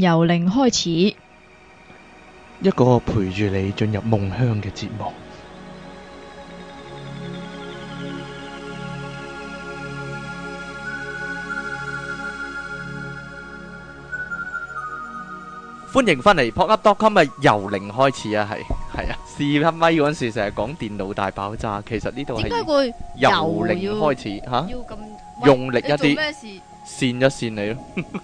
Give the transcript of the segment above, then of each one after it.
由零開始，一個陪住你進入夢鄉嘅節目。歡迎翻嚟，popup.com 啊！由零開始啊，係係啊！試吓咪嗰陣時，成日講電腦大爆炸，其實呢度點解會由零開始？吓，要咁用力一啲，扇一扇你咯。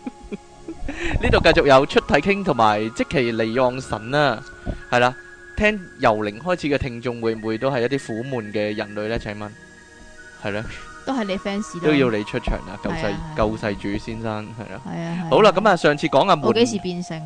呢度繼續有出體傾同埋即其利用神啦，係啦，聽由零開始嘅聽眾會唔會都係一啲苦悶嘅人類呢？請問係啦，都係你 fans 都要你出場啊！救世救世主先生係啦，係啊，好啦，咁啊，上次講阿，我幾時變性？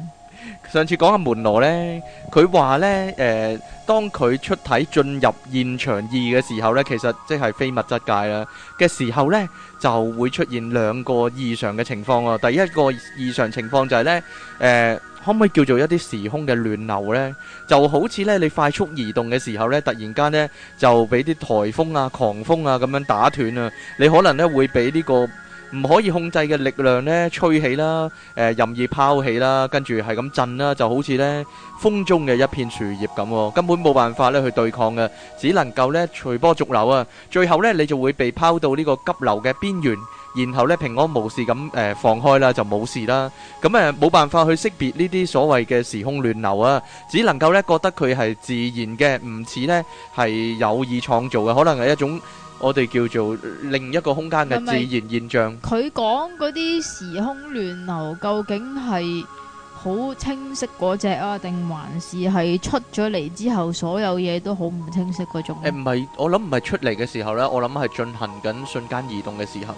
上次講阿門羅呢，佢話呢，誒、呃，當佢出體進入現場二嘅時候呢，其實即係非物質界啦嘅時候呢，就會出現兩個異常嘅情況啊。第一個異常情況就係呢，誒、呃，可唔可以叫做一啲時空嘅亂流呢？就好似呢，你快速移動嘅時候呢，突然間呢，就俾啲台風啊、狂風啊咁樣打斷啊，你可能呢，會俾呢、呢個。唔可以控制嘅力量呢，吹起啦，誒，任意拋起啦，跟住係咁震啦，就好似呢風中嘅一片樹葉咁，根本冇辦法呢去對抗嘅，只能夠呢隨波逐流啊！最後呢，你就會被拋到呢個急流嘅邊緣，然後呢平安無事咁誒放開啦，就冇事啦。咁誒，冇辦法去識別呢啲所謂嘅時空亂流啊，只能夠呢覺得佢係自然嘅，唔似呢係有意創造嘅，可能係一種。我哋叫做另一個空間嘅自然現象。佢講嗰啲時空亂流究竟係好清晰嗰隻啊，定還是係出咗嚟之後所有嘢都好唔清晰嗰種？誒唔係，我諗唔係出嚟嘅時候呢，我諗係進行緊瞬間移動嘅時候，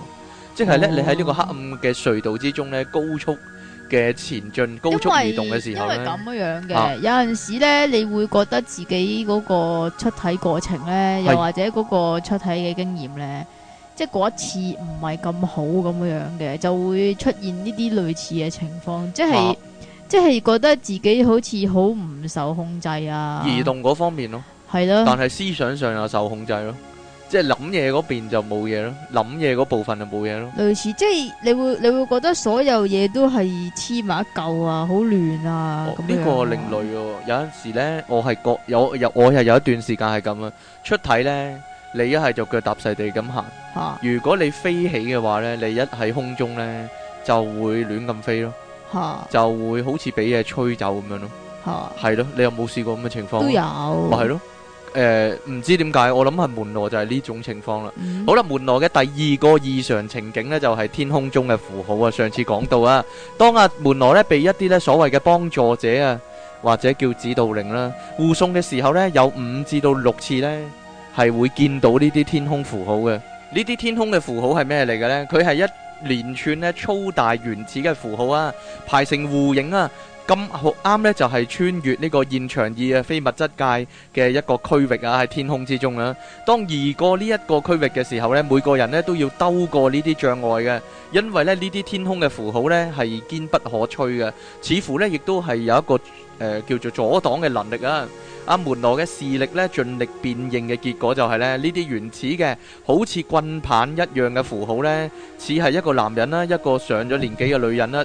即係呢，你喺呢個黑暗嘅隧道之中呢，高速嘅前進高速移動嘅時候咧，因為咁樣嘅、啊，有陣時咧，你會覺得自己嗰個出體過程咧，是又或者嗰個出體嘅經驗咧，即係嗰一次唔係咁好咁樣嘅，就會出現呢啲類似嘅情況，即係、啊、即係覺得自己好似好唔受控制啊！移動嗰方面咯，係咯，但係思想上又受控制咯。即係諗嘢嗰邊就冇嘢咯，諗嘢嗰部分就冇嘢咯。類似，即係你會你會覺得所有嘢都係黐埋一嚿啊，好亂啊咁樣。呢個另類喎，有陣時咧，我係各有有，我係有一段時間係咁啊。出體咧，你一係就腳踏實地咁行，如果你飛起嘅話咧，你一喺空中咧就會亂咁飛咯，就會好似俾嘢吹走咁樣咯，係咯。你有冇試過咁嘅情況？都有。咪係咯。誒，唔、呃、知點解，我諗係門羅就係呢種情況啦。Mm hmm. 好啦，門羅嘅第二個異常情景呢，就係、是、天空中嘅符號啊。上次講到啊，當阿、啊、門羅呢被一啲呢所謂嘅幫助者啊，或者叫指導靈啦、啊、護送嘅時候呢，有五至到六次呢係會見到呢啲天空符號嘅。呢啲天空嘅符號係咩嚟嘅呢？佢係一連串呢粗大原始嘅符號啊，排成弧形啊。咁好啱呢，就係、是、穿越呢個現場二嘅非物質界嘅一個區域啊，喺天空之中啊，當移過呢一個區域嘅時候呢，每個人呢都要兜過呢啲障礙嘅，因為呢呢啲天空嘅符號呢係堅不可摧嘅，似乎呢亦都係有一個誒、呃、叫做阻擋嘅能力啊。阿門羅嘅視力呢盡力辨認嘅結果就係呢呢啲原始嘅好似棍棒一樣嘅符號呢，似係一個男人啦，一個上咗年紀嘅女人啦，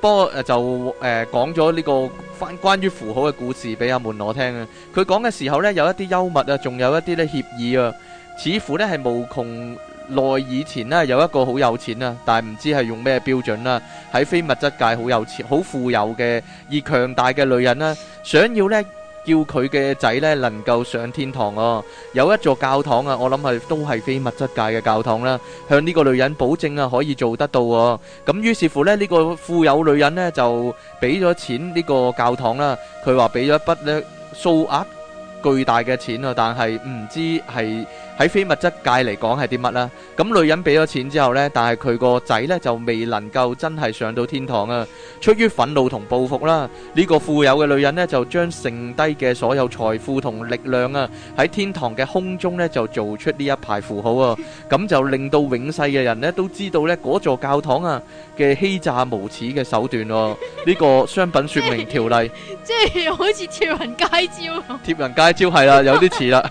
不過就誒、呃、講咗呢個翻關於符號嘅故事俾阿門羅聽啊！佢講嘅時候咧，有一啲幽默啊，仲有一啲咧協議啊，似乎咧係無窮耐以前咧有一個好有錢啊，但係唔知係用咩標準啦、啊，喺非物質界好有錢、好富有嘅而強大嘅女人啦、啊，想要咧。叫佢嘅仔呢能夠上天堂哦、啊！有一座教堂啊，我諗係都係非物質界嘅教堂啦、啊。向呢個女人保證啊，可以做得到、啊。咁於是乎呢，呢個富有女人呢，就俾咗錢呢個教堂啦、啊。佢話俾咗一筆呢數額巨大嘅錢啊，但係唔知係。喺非物質界嚟講係啲乜啦？咁女人俾咗錢之後咧，但係佢個仔咧就未能夠真係上到天堂啊！出於憤怒同報復啦，呢個富有嘅女人咧就將剩低嘅所有財富同力量啊，喺天堂嘅空中咧就做出呢一排符號啊！咁就令到永世嘅人咧都知道咧嗰座教堂啊嘅欺詐無恥嘅手段咯！呢個商品說明條例，即係好似貼人街招，貼人街招係啦，有啲似啦。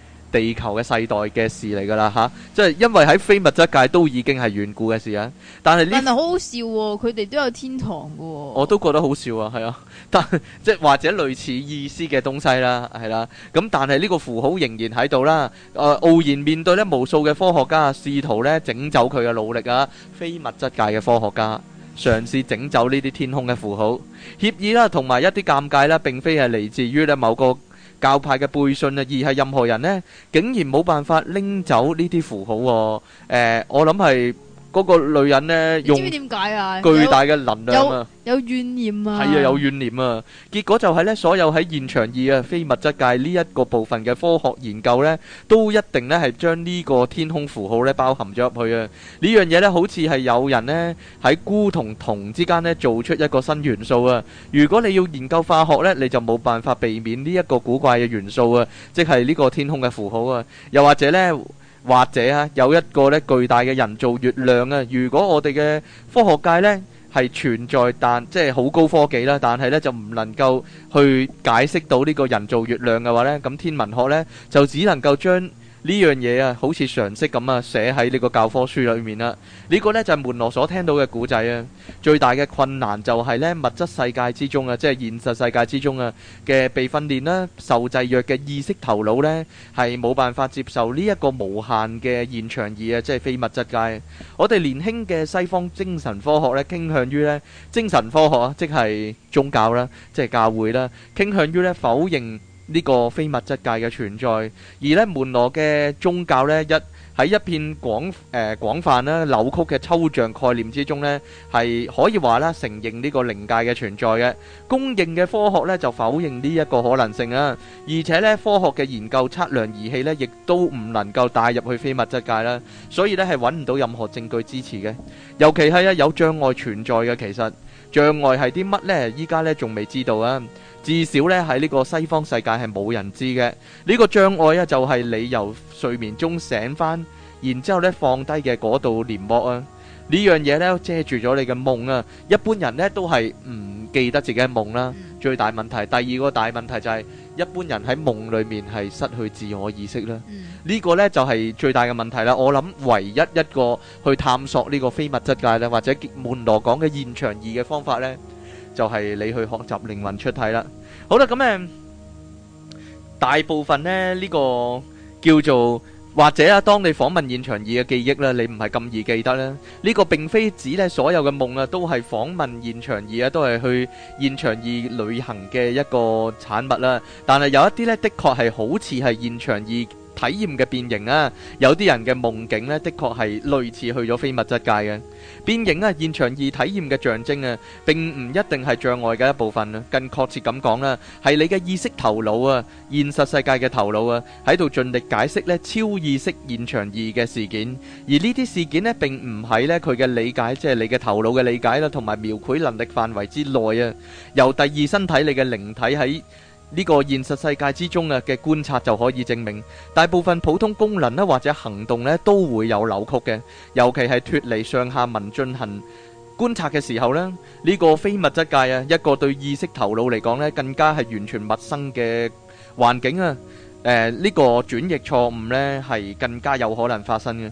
地球嘅世代嘅事嚟噶啦，吓、啊、即係因為喺非物質界都已經係遠古嘅事啊。但係呢，但啊，好好笑喎，哦，佢哋都有天堂嘅喎，哦。我都覺得好笑啊，係啊，但即係或者類似意思嘅東西啦，係啦，啊。咁但係呢個符號仍然喺度啦。誒、呃，傲然面對呢無數嘅科學家試圖呢整走佢嘅努力啊，非物質界嘅科學家嘗試整走呢啲天空嘅符號 協議啦，同埋一啲尷尬啦，並非係嚟自於呢某個。教派嘅背信啊，而係任何人呢，竟然冇辦法拎走呢啲符號喎？哦，呃，我諗係。嗰個女人咧，用巨大嘅能量啊，有怨念啊，係啊有怨念啊，結果就係咧，所有喺現場二啊，非物質界呢一個部分嘅科學研究咧，都一定咧係將呢個天空符號咧包含咗入去啊！呢樣嘢咧好似係有人咧喺鈷同銅之間咧做出一個新元素啊！如果你要研究化學咧，你就冇辦法避免呢一個古怪嘅元素啊，即係呢個天空嘅符號啊，又或者咧。或者啊，有一個咧巨大嘅人造月亮啊！如果我哋嘅科學界咧係存在但，但即係好高科技啦，但係咧就唔能夠去解釋到呢個人造月亮嘅話呢，咁天文學呢就只能夠將。呢樣嘢啊，好似常識咁啊，寫喺呢個教科書裏面啦。呢、呢個呢，就係、是、門羅所聽到嘅古仔啊。最大嘅困難就係呢，物質世界之中啊，即係現實世界之中啊嘅被訓練啦、受制約嘅意識頭腦呢，係冇辦法接受呢一個無限嘅現場而啊，即係非物質界。我哋年輕嘅西方精神科學呢，傾向於呢精神科學啊，即係宗教啦，即係教會啦，傾向於呢否認。呢個非物質界嘅存在，而咧門羅嘅宗教咧一喺一片廣誒廣泛啦扭曲嘅抽象概念之中咧，係可以話咧承認呢個靈界嘅存在嘅。公認嘅科學咧就否認呢一個可能性啊，而且咧科學嘅研究測量儀器咧亦都唔能夠帶入去非物質界啦，所以咧係揾唔到任何證據支持嘅。尤其係啊有障礙存在嘅，其實障礙係啲乜咧？依家咧仲未知道啊！至少咧喺呢個西方世界係冇人知嘅。呢個障礙啊，就係你由睡眠中醒返，然之後咧放低嘅嗰度簾幕啊，呢樣嘢咧遮住咗你嘅夢啊。一般人咧都係唔記得自己嘅夢啦。最大問題，第二個大問題就係一般人喺夢裡面係失去自我意識啦。呢個咧就係最大嘅問題啦。我諗唯一一個去探索呢個非物質界咧，或者門羅講嘅現場二嘅方法咧。就係你去學習靈魂出體啦。好啦，咁咧大部分呢呢個叫做或者啊，當你訪問現場二嘅記憶呢，你唔係咁易記得呢。呢個並非指呢所有嘅夢啊，都係訪問現場二啊，都係去現場二旅行嘅一個產物啦。但係有一啲呢，的確係好似係現場二體驗嘅變形啊，有啲人嘅夢境呢，的確係類似去咗非物質界嘅變形啊。現場二體驗嘅象徵啊，並唔一定係障礙嘅一部分啊。更確切咁講啦，係你嘅意識頭腦啊，現實世界嘅頭腦啊，喺度盡力解釋呢超意識現場二嘅事件，而呢啲事件呢，並唔係呢佢嘅理解，即係你嘅頭腦嘅理解啦，同埋描繪能力範圍之內啊。由第二身體你嘅靈體喺呢個現實世界之中啊嘅觀察就可以證明，大部分普通功能呢或者行動呢都會有扭曲嘅，尤其係脫離上下文進行觀察嘅時候呢，呢個非物質界啊一個對意識頭腦嚟講呢更加係完全陌生嘅環境啊，誒呢個轉譯錯誤呢係更加有可能發生嘅。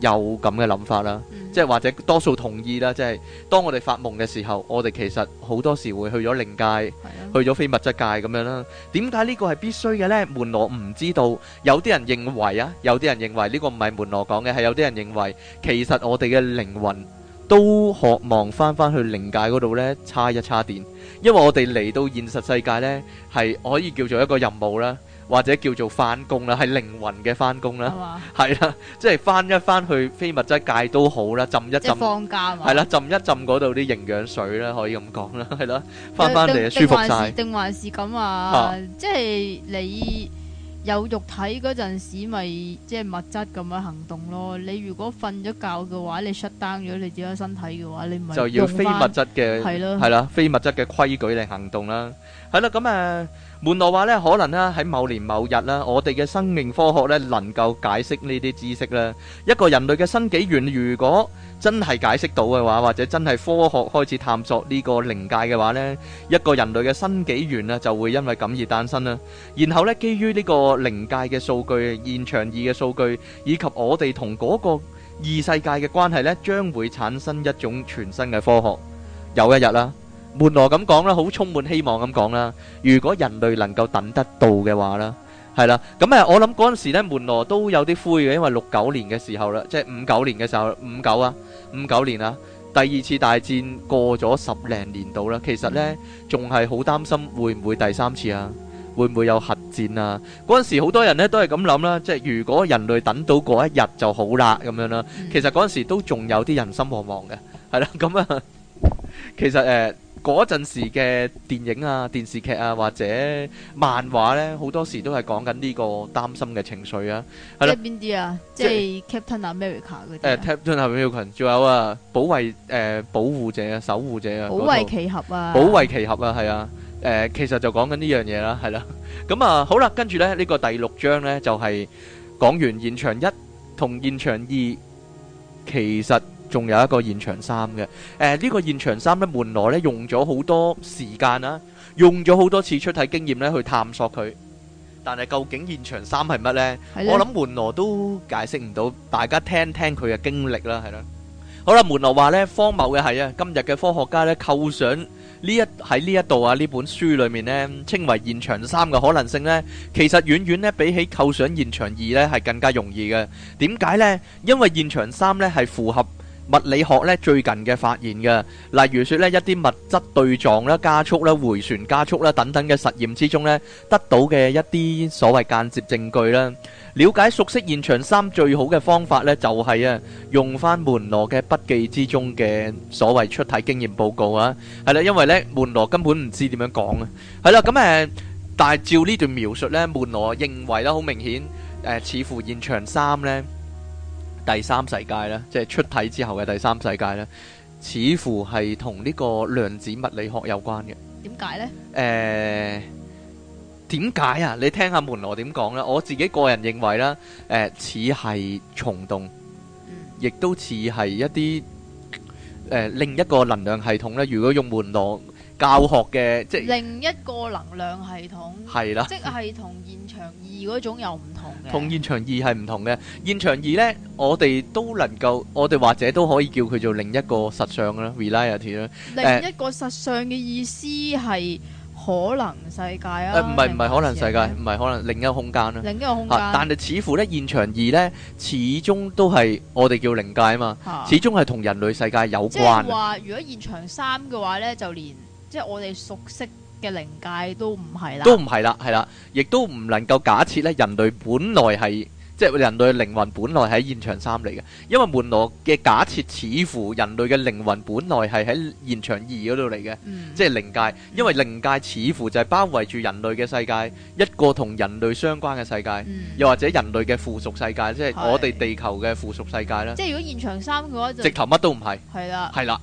有咁嘅諗法啦，即係或者多數同意啦，即係當我哋發夢嘅時候，我哋其實好多時會去咗靈界，的去咗非物質界咁樣啦。點解呢個係必須嘅呢？門羅唔知道。有啲人認為啊，有啲人認為呢個唔係門羅講嘅，係有啲人認為，其實我哋嘅靈魂都渴望翻翻去靈界嗰度呢，叉一叉電，因為我哋嚟到現實世界呢，係可以叫做一個任務啦。或者叫做翻工啦，係靈魂嘅翻工啦，係啦吧，即係翻一翻去非物質界都好啦，浸一浸，即放假嘛，係啦，浸一浸嗰度啲營養水啦，可以咁講啦，係咯，翻翻嚟就舒服晒，定還是咁啊？啊即係你。有肉體嗰陣時，咪即係物質咁樣行動咯。你如果瞓咗覺嘅話，你 shut down 咗，你自己身體嘅話，你咪就要非物質嘅係咯，係啦，非物質嘅規矩嚟行動啦。係啦，咁誒，門羅話咧，可能咧喺某年某日啦，我哋嘅生命科學咧，能夠解釋呢啲知識咧，一個人類嘅新紀元，如果。真係解釋到嘅話，或者真係科學開始探索呢個靈界嘅話咧，一個人類嘅新紀元啊，就會因為咁而誕生啦。然後咧，基於呢個靈界嘅數據、現場二嘅數據，以及我哋同嗰個二世界嘅關係咧，將會產生一種全新嘅科學。有一日啦，門羅咁講啦，好充滿希望咁講啦。如果人類能夠等得到嘅話啦，係啦，咁誒，我諗嗰陣時咧，門羅都有啲灰嘅，因為六九年嘅時候啦，即係五九年嘅時候，五九啊。五九年啦，第二次大戰過咗十零年度啦，其實呢，仲係好擔心會唔會第三次啊，會唔會有核戰啊？嗰陣時好多人呢都係咁諗啦，即係如果人類等到嗰一日就好啦咁樣啦。其實嗰陣時都仲有啲人心惶惶嘅，係啦。咁啊，其實誒。呃嗰陣時嘅電影啊、電視劇啊或者漫畫咧，好多時都係講緊呢個擔心嘅情緒啊。係啦，即邊啲啊？即 Captain America 嗰啲。誒 Captain America，仲有啊，保衞誒保護者啊，守護者啊。保衞奇俠啊！保衞奇俠啊！係啊！誒，其實就講緊呢樣嘢啦，係啦。咁啊，好啦，跟住咧，呢個第六章咧就係講完現場一同現場二，其實。仲有一個現場三嘅，誒、呃、呢、這個現場三咧，門羅咧用咗好多時間啦、啊，用咗好多次出體經驗咧去探索佢，但係究竟現場三係乜呢？的我諗門羅都解釋唔到，大家聽聽佢嘅經歷啦，係啦。好啦，門羅話呢，荒謬嘅係啊，今日嘅科學家呢，構想呢一喺呢一度啊呢本書裏面呢，稱為現場三嘅可能性呢，其實遠遠呢，比起構想現場二呢，係更加容易嘅。點解呢？因為現場三呢，係符合物理學咧最近嘅發現嘅，例如說咧一啲物質對撞啦、加速啦、回旋加速啦等等嘅實驗之中咧得到嘅一啲所謂間接證據啦。瞭解熟悉現場三最好嘅方法咧就係啊用翻門羅嘅筆記之中嘅所謂出體經驗報告啊，係啦，因為咧門羅根本唔知點樣講啊，係啦咁誒，但係照呢段描述咧，門羅認為啦好明顯誒，似乎現場三咧。第三世界咧，即係出體之後嘅第三世界咧，似乎係同呢個量子物理學有關嘅。點解呢？誒、呃，點解啊？你聽下門羅點講啦。我自己個人認為啦、呃，似係蟲洞，亦、嗯、都似係一啲。誒、呃、另一個能量系統咧，如果用門羅教學嘅，即係另一個能量系統，係是啦，即係同現場二嗰種又唔同嘅。同現場二係唔同嘅，現場二咧，我哋都能夠，我哋或者都可以叫佢做另一個實相啦，reality 啦。Reality, 呃、另一個實相嘅意思係。可能世界啊，哎，唔係唔係可能世界，唔係可能另一個空間啊，另一個空間。但係似乎咧，現場二咧，始終都係我哋叫靈界啊嘛，始終係同人類世界有關。即係話，如果現場三嘅話咧，就連即係我哋熟悉嘅靈界都唔係啦，都唔係啦，係啦，亦都唔能夠假設咧人類本來係。即係人類嘅靈魂本來喺現場三嚟嘅，因為門羅嘅假設似乎人類嘅靈魂本來係喺現場二嗰度嚟嘅，即係靈界。因為靈界似乎就係包圍住人類嘅世界，一個同人類相關嘅世界，又或者人類嘅附屬世界，即係我哋地球嘅附屬世界啦。即係如果現場三嘅話，直頭乜都唔係。係啦，係啦，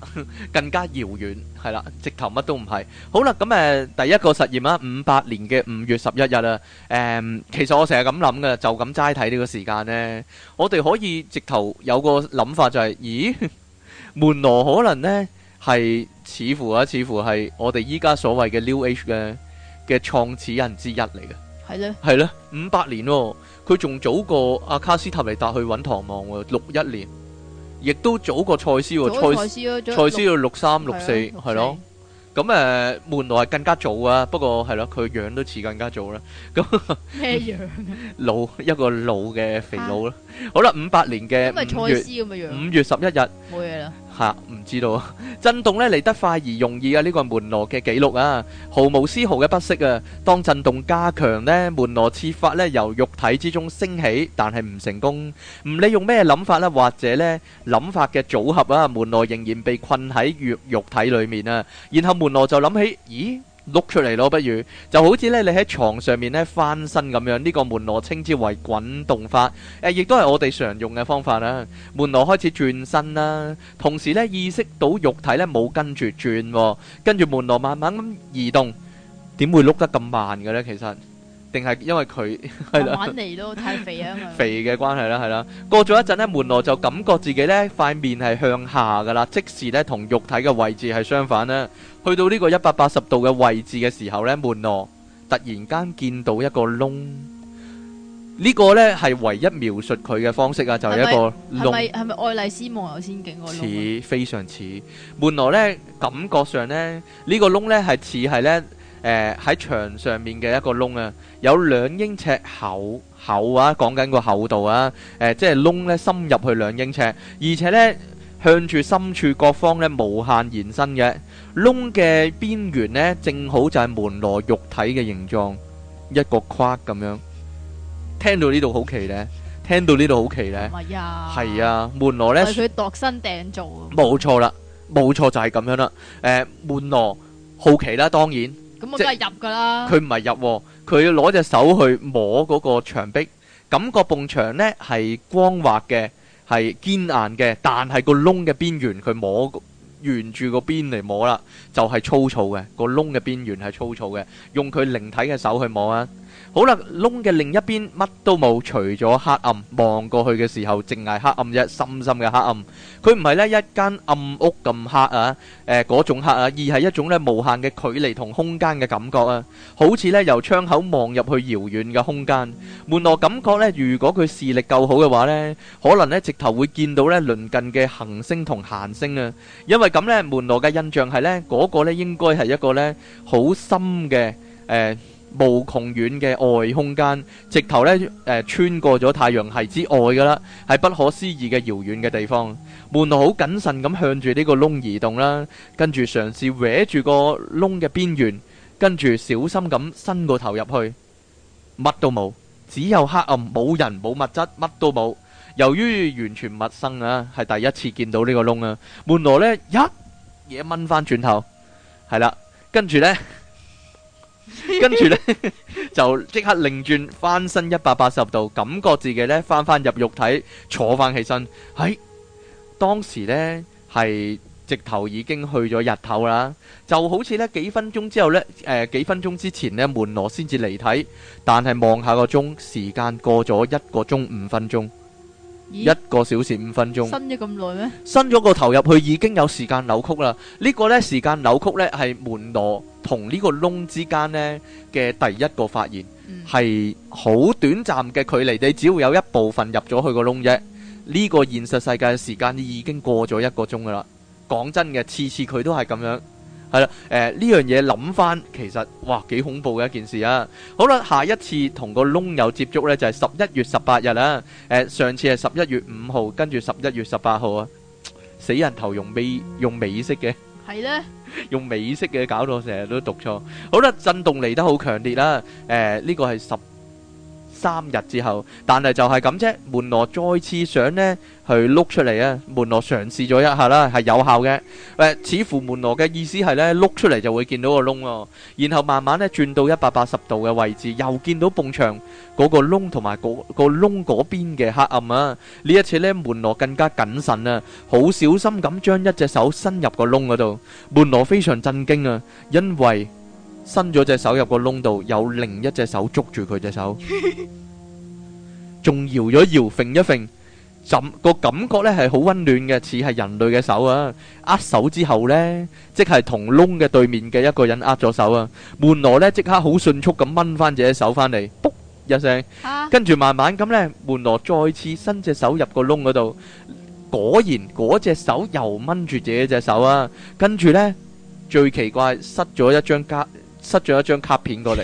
更加遙遠，係啦，直頭乜都唔係。好啦，咁誒，第一個實驗啦，五八年嘅五月十一日啦，誒，其實我成日咁諗嘅，就咁齋睇呢個。時間呢，我哋可以直頭有個諗法就係、是，咦，門羅可能呢，係似乎啊，似乎係我哋依家所謂嘅 New Age 嘅嘅創始人之一嚟嘅，係咧呢，係咧，五八年，佢仲早過阿卡斯塔尼達去搵唐望喎，六一年，亦都早過塞斯喎，塞斯，塞斯要六三六四，係咯的。四咁誒、呃、門羅係更加早啊，不過係咯，佢樣都似更加早啦。咁咩樣、啊、 老一個老嘅肥佬啦。啊、好啦，五八年嘅咁咪賽斯咁嘅樣，五月十一日冇嘢啦。吓，唔知道啊！震動咧嚟得快而容易啊！呢個門羅嘅記錄啊，毫無絲毫嘅不適啊。當震動加強咧，門羅設法咧由肉體之中升起，但係唔成功。唔理用咩諗法咧，或者咧諗法嘅組合啊，門羅仍然被困喺肉肉體裡面啊。然後門羅就諗起，咦？碌出嚟咯，不如就好似咧，你喺床上面咧翻身咁樣，呢、這個門羅稱之為滾動法，誒、呃，亦都係我哋常用嘅方法啦。門羅開始轉身啦，同時咧意識到肉體咧冇跟住轉，哦，跟住門羅慢慢咁移動，點會碌得咁慢嘅咧？其實，定係因為佢係啦，嚟咯，都太肥啊， 肥嘅關係啦，係啦。過咗一陣咧，門羅就感覺自己咧塊面係向下㗎啦，即時咧同肉體嘅位置係相反啦。去到呢個一百八十度嘅位置嘅時候呢，門羅突然間見到一個窿，呢、呢個呢係唯一描述佢嘅方式啊，就係、是、一個窿。係咪係咪愛麗絲夢遊仙境嗰個？似非常似，門羅呢感覺上呢，呢個、呢個窿呢係似係呢誒喺牆上面嘅一個窿啊，有兩英尺厚厚啊，講緊個厚度啊，誒、呃、即係窿呢深入去兩英尺，而且呢向住深處各方呢無限延伸嘅。窿嘅邊緣咧，正好就係門羅肉體嘅形狀，一個框咁樣。聽到呢度好奇咧，聽到呢度好奇咧。唔係啊。係啊，門羅咧。係佢度身訂做。冇錯啦，冇錯就係咁樣啦。誒，門羅好奇啦，當然。咁我梗係入噶啦。佢唔係入，佢攞隻手去摸嗰個牆壁，感覺埲牆咧係光滑嘅，係堅硬嘅，但係個窿嘅邊緣佢摸。沿住個邊嚟摸啦，就係粗糙嘅，個窿嘅邊緣係粗糙嘅，用佢靈體嘅手去摸啊。好啦，窿嘅另一邊乜都冇，除咗黑暗。望過去嘅時候，淨係黑暗啫，深深嘅黑暗。佢唔係咧一間暗屋咁黑啊，誒嗰種黑啊，而係一種咧無限嘅距離同空間嘅感覺啊。好似咧由窗口望入去遙遠嘅空間。門羅感覺咧，如果佢視力夠好嘅話咧，可能咧直頭會見到咧鄰近嘅恆星同行星啊。因為咁咧，門羅嘅印象係咧嗰個咧應該係一個咧好深嘅誒。無窮遠嘅外空間，直頭呢誒穿過咗太陽系之外噶啦，係不可思議嘅遙遠嘅地方。門羅好謹慎咁向住呢個窿移動啦，跟住嘗試搣住個窿嘅邊緣，跟住小心咁伸個頭入去，乜都冇，只有黑暗，冇人，冇物質，乜都冇。由於完全陌生啊，係第一次見到呢個窿啊，門羅呢一嘢掹返轉頭，係啦，跟住呢。跟住呢， 就即刻擰轉翻身一百八十度，感覺自己呢翻翻入肉體，坐翻起身。喺、哎、當時呢，係直頭已經去咗日頭啦，就好似呢幾分鐘之後呢，誒、呃、幾分鐘之前呢，門羅先至離體，但係望下個鐘，時間過咗一個鐘五分鐘。一個小時五分鐘，伸咗咁耐咩？伸咗個頭入去已經有時間扭曲啦。這個、呢個咧時間扭曲咧係門羅同呢個窿之間咧嘅第一個發現，係好、嗯、短暫嘅距離。你只要有一部分入咗去個窿啫，呢、嗯、個現實世界嘅時間已經過咗一個鐘噶啦。講真嘅，次次佢都係咁樣。係啦，誒呢樣嘢諗翻，其實，哇，幾恐怖嘅一件事啊！好啦，下一次同個窿友接觸呢，就係十一月十八日啦、啊。誒、呃，上次係十一月五號，跟住十一月十八號啊，死人頭用美用美式嘅，係咧 用美式嘅搞到成日都讀錯。好啦，震動嚟得好強烈啦、啊，誒、呃、呢、這個係十。三日之後，但係就係咁啫。門羅再次想呢，去碌出嚟啊！門羅嘗試咗一下啦，係有效嘅。誒、呃，似乎門羅嘅意思係呢，碌出嚟就會見到個窿咯、哦，然後慢慢呢轉到一百八十度嘅位置，又見到埲牆嗰個窿同埋嗰個窿嗰邊嘅黑暗啊！呢一次呢，門羅更加謹慎啦、啊，好小心咁將一隻手伸入個窿嗰度。門羅非常震驚啊，因為。伸咗隻手入個窿度，有另一隻手捉住佢隻手，仲搖咗搖，揈一揈，咁個感覺呢係好溫暖嘅，似係人類嘅手啊！握手之後呢，即係同窿嘅對面嘅一個人握咗手啊！門羅呢即刻好迅速咁掹翻自己手翻嚟，卜一聲，跟住慢慢咁呢，門羅再次伸隻手入個窿嗰度，果然嗰隻手又掹住自己隻手啊！跟住呢最奇怪，失咗一張卡。塞咗一張卡片過嚟，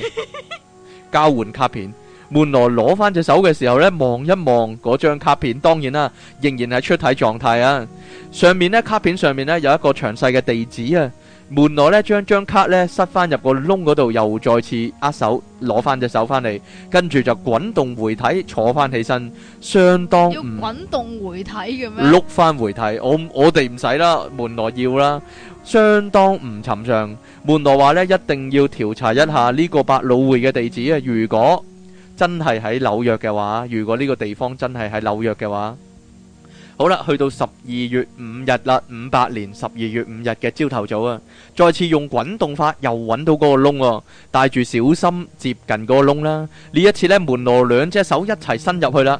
交換卡片。門羅攞翻隻手嘅時候呢，望一望嗰張卡片，當然啦、啊，仍然係出體狀態啊。上面呢，卡片上面呢，有一個詳細嘅地址啊。門羅呢，將張卡呢，塞翻入個窿嗰度，又再次握手攞翻隻手翻嚟，跟住就滾動回體，坐翻起身，相當唔滾動回體咁樣？碌翻回，回體，我我哋唔使啦，門羅要啦。相當唔尋常，門羅話咧一定要調查一下呢個百老匯嘅地址啊。如果真係喺紐約嘅話，如果呢個地方真係喺紐約嘅話，好啦，去到十二月五日啦，五八年十二月五日嘅朝頭早啊，再次用滾動法又揾到嗰個窿，帶住小心接近嗰個窿啦。呢一次呢，門羅兩隻手一齊伸入去啦。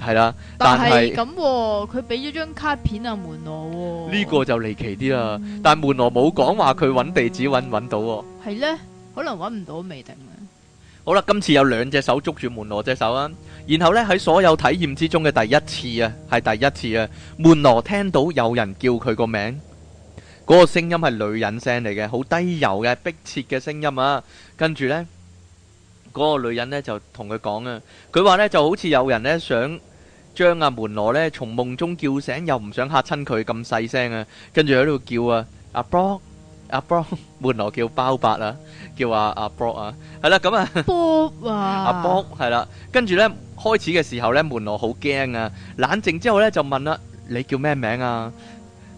係啦，但係咁，佢俾咗張卡片啊，門羅呢個就離奇啲啦。但係門羅冇講話，佢搵地址搵搵到喎。係咧，可能搵唔到，未定。好啦，今次有兩隻手捉住門羅隻手啊。然後咧喺所有體驗之中嘅第一次啊，係第一次啊。門羅聽到有人叫佢個名，嗰個聲音係女人聲嚟嘅，好低柔嘅、迫切嘅聲音啊。跟住咧，嗰個女人咧就同佢講啊，佢話咧就好似有人咧想。將阿、啊、門羅咧，從夢中叫醒，又唔想嚇親佢咁細聲啊，跟住喺度叫啊，阿波阿波，門羅叫包伯啊？叫阿阿波啊，係啦咁啊，波啊，阿波係啦，跟住咧開始嘅時候咧，門羅好驚啊，冷靜之後咧就問啦，你叫咩名啊？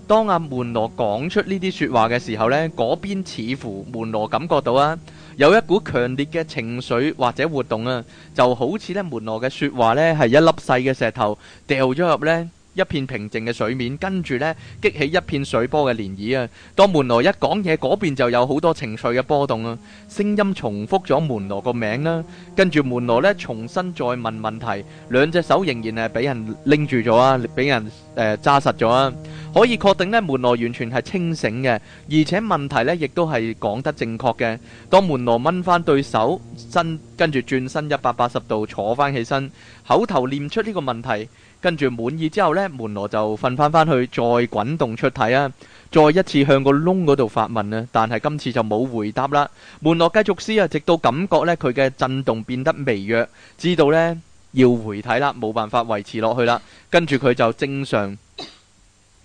當阿、啊、門羅講出呢啲說話嘅時候呢，嗰邊似乎門羅感覺到啊，有一股強烈嘅情緒或者活動啊，就好似咧門羅嘅說話呢，係一粒細嘅石頭掉咗入呢。一片平靜嘅水面，跟住呢激起一片水波嘅漣漪啊！當門羅一講嘢，嗰邊就有好多情緒嘅波動啊！聲音重複咗門羅個名啦，啊，跟住門羅呢重新再問問題，兩隻手仍然係俾人拎住咗啊，俾人誒揸實咗啊！可以確定呢門羅完全係清醒嘅，而且問題呢亦都係講得正確嘅。當門羅掹翻對手身，跟住轉身一百八十度坐翻起身，口頭念出呢個問題。跟住滿意之後呢，門羅就瞓翻返去，再滾動出體啊，再一次向個窿嗰度發問啊，但係今次就冇回答啦。門羅繼續試啊，直到感覺呢，佢嘅震動變得微弱，知道呢要回體啦，冇辦法維持落去啦，跟住佢就正常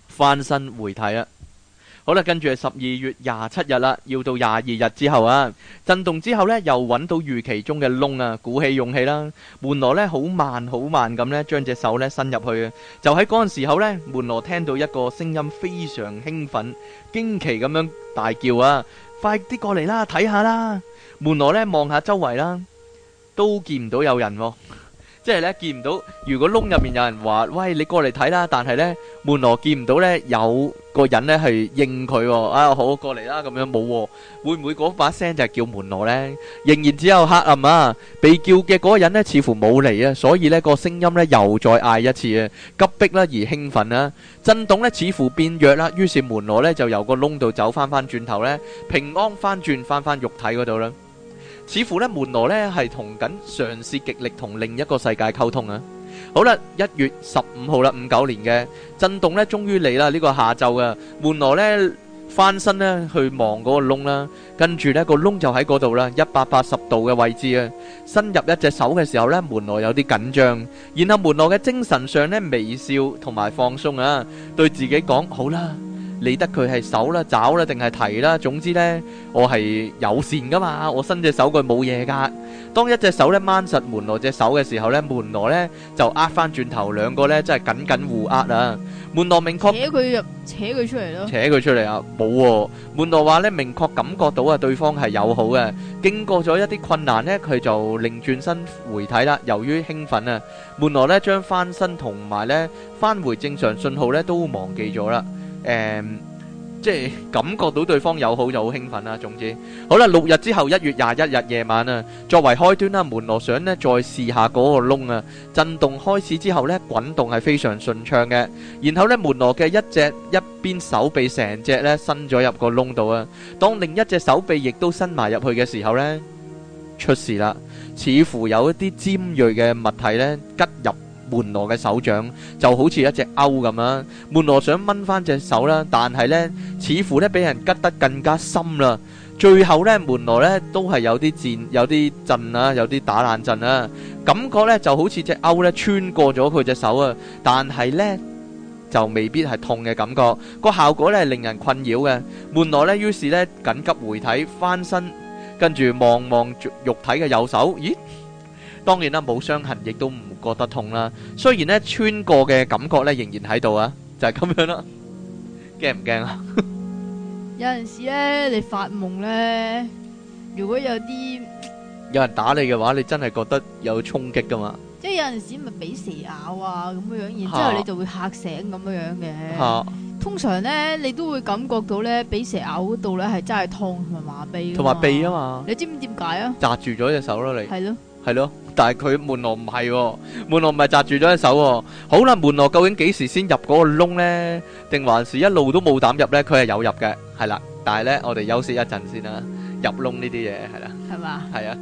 翻身回體啦。好啦，跟住係十二月廿七日啦，要到廿二日之後啊，震動之後呢，又揾到預期中嘅窿啊，鼓起勇氣啦，門羅呢，好慢好慢咁呢，將隻手呢伸入去啊，就喺嗰陣時候呢，門羅聽到一個聲音非常興奮、驚奇咁樣大叫啊，快啲過嚟啦，睇下啦，門羅呢，望下周圍啦，都見唔到有人啊。即係咧見唔到，如果窿入面有人話，喂，你過嚟睇啦。但係咧門羅見唔到咧有個人咧係應佢，啊好過嚟啦咁樣冇，會唔會嗰把聲就係叫門羅咧？仍然只有黑暗啊，被叫嘅嗰個人咧似乎冇嚟啊，所以咧個聲音咧又再嗌一次啊，急迫啦而興奮啦，震動咧似乎變弱啦，於是門羅咧就由個窿度走翻翻轉頭咧，平安翻轉翻翻肉體嗰度啦。似乎咧，門羅咧係同緊嘗試極力同另一個世界溝通啊！好啦，一月十五號啦，五九年嘅震動咧，終於嚟啦！呢、這個下晝啊，門羅咧翻身咧去望嗰個窿啦，啊，跟住咧，這個窿就喺嗰度啦，一百八十度嘅位置啊！伸入一隻手嘅時候咧，門羅有啲緊張，然後門羅嘅精神上咧微笑同埋放鬆啊，對自己講好啦。理得佢係手啦、爪啦，定係提啦。總之咧，我係友善噶嘛。我伸隻手佢冇嘢噶。當一隻手咧掹實門羅隻手嘅時候咧，門羅咧就握翻轉頭，兩個咧真係緊緊互握啊。門羅明確扯佢入，扯佢出嚟咯。扯佢出嚟啊！冇門羅話咧，明確感覺到啊，對方係友好嘅。經過咗一啲困難咧，佢就擰轉身回睇啦。由於興奮啊，門羅咧將翻身同埋咧翻回正常信號咧都忘記咗啦。誒，um, 即係感覺到對方友好就好興奮啦、啊。總之，好啦，六日之後一月廿一日夜晚啊，作為開端啦，門羅想呢，再試下嗰個窿啊。震動開始之後呢，滾動係非常順暢嘅。然後呢，門羅嘅一隻一邊手臂成隻咧伸咗入個窿度啊。當另一隻手臂亦都伸埋入去嘅時候呢，出事啦，似乎有一啲尖銳嘅物體呢，吉入。門羅嘅手掌就好似一隻鈎噉樣，門羅想掹翻隻手啦，但係咧似乎咧俾人吉得更加深啦。最後咧門羅咧都係有啲戰有啲震啦，有啲打冷震啦，感覺咧就好似隻鈎咧穿過咗佢隻手啊，但係咧就未必係痛嘅感覺，個效果咧令人困擾嘅。門羅咧於是咧緊急回體翻身，跟住望望着肉體嘅右手，咦？當然啦，冇傷痕，亦都唔。覺得痛啦，雖然咧穿過嘅感覺咧仍然喺度啊，就係咁樣啦。驚唔驚啊？有陣時咧，你發夢咧，如果有啲有人打你嘅話，你真係覺得有衝擊噶嘛？即係有陣時咪俾蛇咬啊咁樣，然之後你就會嚇醒咁樣樣嘅。通常咧，你都會感覺到咧，俾蛇咬嗰度咧係真係痛同埋麻痹，同埋鼻啊嘛。你知唔知點解啊？紮住咗隻手咯，你係咯。係咯，但係佢門羅唔係喎，門羅咪紮住咗一手喎。好啦，門羅究竟幾時先入嗰個窿呢？定還，還是一路都冇膽入呢？佢係有入嘅，係啦。但係呢，我哋休息一陣先啦。入窿呢啲嘢，係啦，係嘛，係啊吧。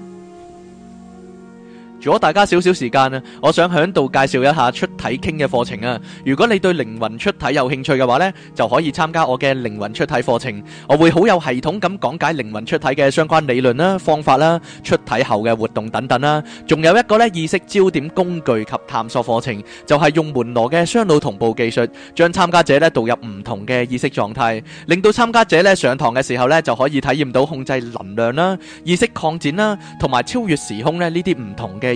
如果大家少少時間咧，我想喺度介紹一下出體傾嘅課程啊。如果你對靈魂出體有興趣嘅話咧，就可以參加我嘅靈魂出體課程。我會好有系統咁講解靈魂出體嘅相關理論啦、方法啦、出體後嘅活動等等啦。仲有一個咧意識焦點工具及探索課程，就係用門羅嘅雙腦同步技術，將參加者咧導入唔同嘅意識狀態，令到參加者咧上堂嘅時候咧就可以體驗到控制能量啦、意識擴展啦，同埋超越時空咧呢啲唔同嘅。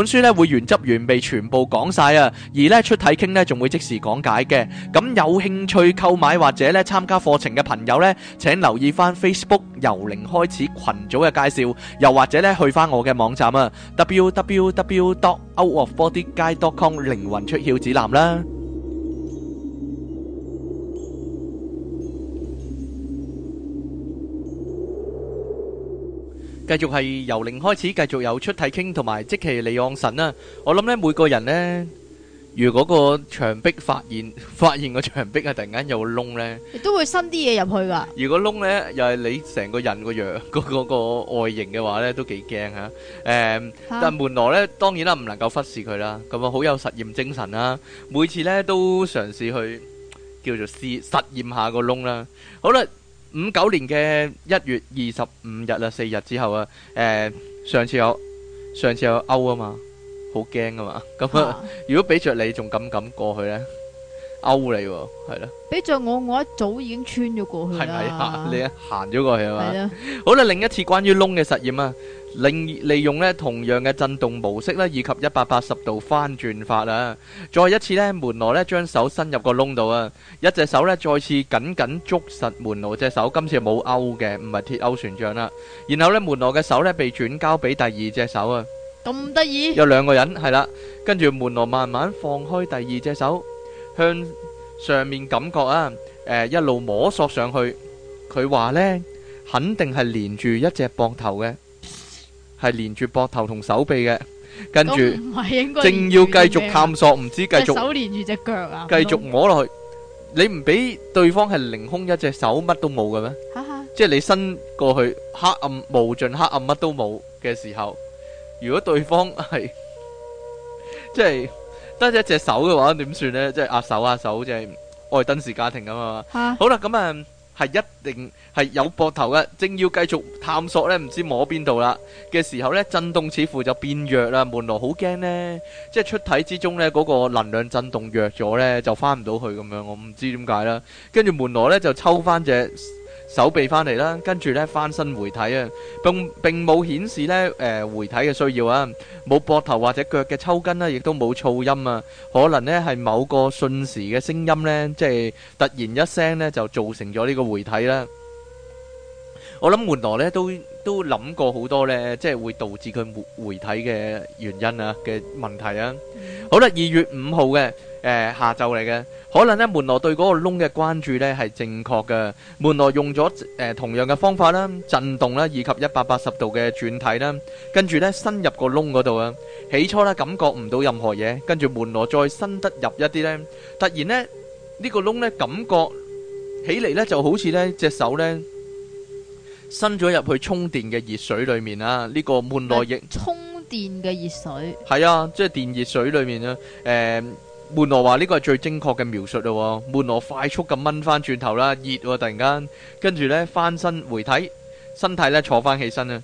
本書咧會原汁原味全部講晒啊，而咧出體傾咧仲會即時講解嘅。咁有興趣購買或者咧參加課程嘅朋友咧，請留意翻 Facebook 由零開始群組嘅介紹，又或者咧去翻我嘅網站啊，www.outofbodyguide.com 靈魂出竅指南啦。繼續係由零開始，繼續有出體傾同埋即其離岸神啦。我諗咧每個人咧，如果個牆壁發現發現個牆壁啊，突然間有個窿咧，亦都會伸啲嘢入去噶。如果窿咧，又係你成個人個樣，嗰嗰個外形嘅話咧，都幾驚嚇。誒，但門羅咧，當然啦，唔能夠忽視佢啦。咁啊，好有實驗精神啦，每次咧都嘗試去叫做試實驗下個窿啦。好啦。五九年嘅一月二十五日啊，四日之後啊，誒、呃，上次有上次有勾啊嘛，好驚啊嘛，咁、啊啊、如果俾着你仲敢敢過去咧，勾 你喎，係咯？俾着我，我一早已經穿咗過去啦。係咪啊？你行、啊、咗過去係嘛？的 好啦，另一次關於窿嘅實驗啊。利利用咧，同樣嘅震動模式咧，以及一百八十度翻轉法啦。再一次咧，門羅咧將手伸入個窿度啊，一隻手咧再次緊緊捉實門羅隻手，今次冇勾嘅，唔係鐵勾船長啦。然後咧，門羅嘅手咧被轉交俾第二隻手啊，咁得意有兩個人係啦，跟住門羅慢慢放開第二隻手向上面感覺啊，誒，一路摸索上去，佢話咧肯定係連住一隻膊頭嘅。係連住膊頭同手臂嘅，跟住正要繼續探索，唔知繼續手連住隻腳啊！繼續摸落去，你唔俾對方係凌空一隻手乜都冇嘅咩？即係你伸過去，黑暗無盡黑暗乜都冇嘅時候，如果對方係即係得一隻手嘅話，點算呢？即係握手握手，即係愛登士家庭咁啊嘛！好啦，咁啊。係一定係有膊頭嘅，正要繼續探索呢，唔知摸邊度啦嘅時候呢，震動似乎就變弱啦。門羅好驚呢，即係出體之中呢，嗰個能量震動弱咗呢，就翻唔到去咁樣，我唔知點解啦。跟住門羅呢，就抽翻隻。手臂翻嚟啦，跟住咧翻身回體啊，並並冇顯示咧誒、呃、回體嘅需要啊，冇膊頭或者腳嘅抽筋啦，亦都冇噪音啊，可能咧係某個瞬時嘅聲音咧，即係突然一聲咧就造成咗呢個回體啦。我諗門羅咧都都諗過好多咧，即係會導致佢回回體嘅原因啊嘅問題啊。好啦，二月五號嘅誒下晝嚟嘅，可能咧門羅對嗰個窿嘅關注咧係正確嘅。門羅用咗誒同樣嘅方法啦，震動啦，以及一百八十度嘅轉體啦，跟住咧伸入個窿嗰度啊。起初咧感覺唔到任何嘢，跟住門羅再伸得入一啲咧，突然咧呢個窿咧感覺起嚟咧就好似咧隻手咧。伸咗入去充電嘅熱水裏面啦，呢個門羅亦充電嘅熱水係啊，即係電熱水裏面啦。誒，門羅話呢個係最精確嘅描述咯。門羅快速咁掹翻轉頭啦，熱突然間，跟住咧翻身回體，身體咧坐翻起身啦，